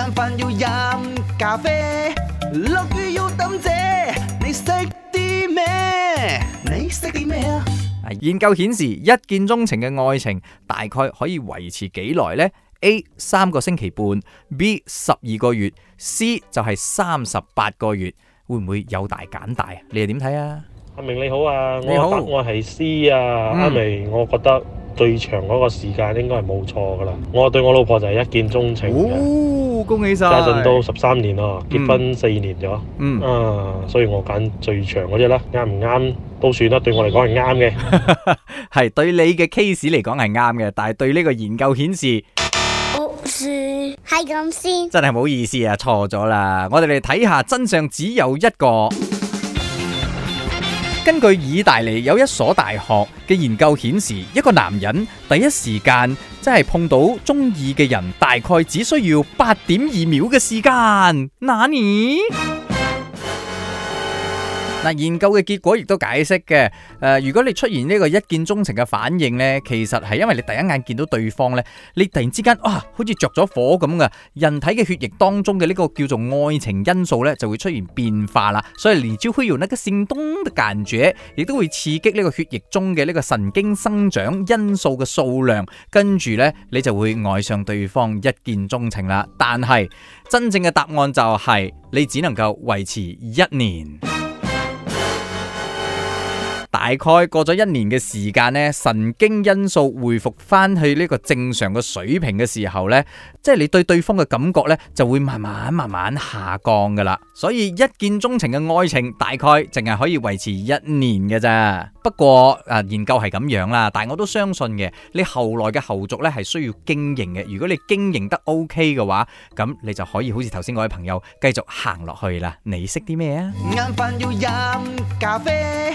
要要飲咖啡，要等姐。你識啲咩？你識啲咩啊？研究顯示，一見鍾情嘅愛情大概可以維持幾耐呢？A 三個星期半，B 十二個月，C 就係三十八個月，會唔會有大減大啊？你又點睇啊？阿明你好啊，我得我係 C 啊。嗯、阿明，我覺得最長嗰個時間應該係冇錯噶啦。我對我老婆就係一見鍾情加陣都十三年啦，嗯、結婚四年咗，嗯、啊，所以我揀最長嗰隻啦，啱唔啱都算啦，對我嚟講係啱嘅，係 對你嘅 case 嚟講係啱嘅，但係對呢個研究顯示，Oops 係咁先，真係唔好意思啊，錯咗啦，我哋嚟睇下真相只有一個。根據意大利有一所大學嘅研究顯示，一個男人第一時間真係碰到中意嘅人，大概只需要八點二秒嘅時間。那你？嗱，研究嘅結果亦都解釋嘅。誒、呃，如果你出現呢個一見鍾情嘅反應呢，其實係因為你第一眼見到對方呢，你突然之間啊，好似着咗火咁嘅，人體嘅血液當中嘅呢個叫做愛情因素呢，就會出現變化啦。所以連招虛用呢個心動嘅感覺亦都會刺激呢個血液中嘅呢個神經生長因素嘅數量，跟住呢，你就會愛上對方，一見鍾情啦。但係真正嘅答案就係、是、你只能夠維持一年。大概過咗一年嘅時間呢，神經因素恢復回復翻去呢個正常嘅水平嘅時候呢，即係你對對方嘅感覺呢，就會慢慢慢慢下降噶啦。所以一見鍾情嘅愛情大概淨係可以維持一年嘅咋。不過啊，研究係咁樣啦，但係我都相信嘅，你後來嘅後續呢，係需要經營嘅。如果你經營得 OK 嘅話，咁你就可以好似頭先嗰位朋友繼續行落去啦。你識啲咩啊？晏飯要飲咖啡。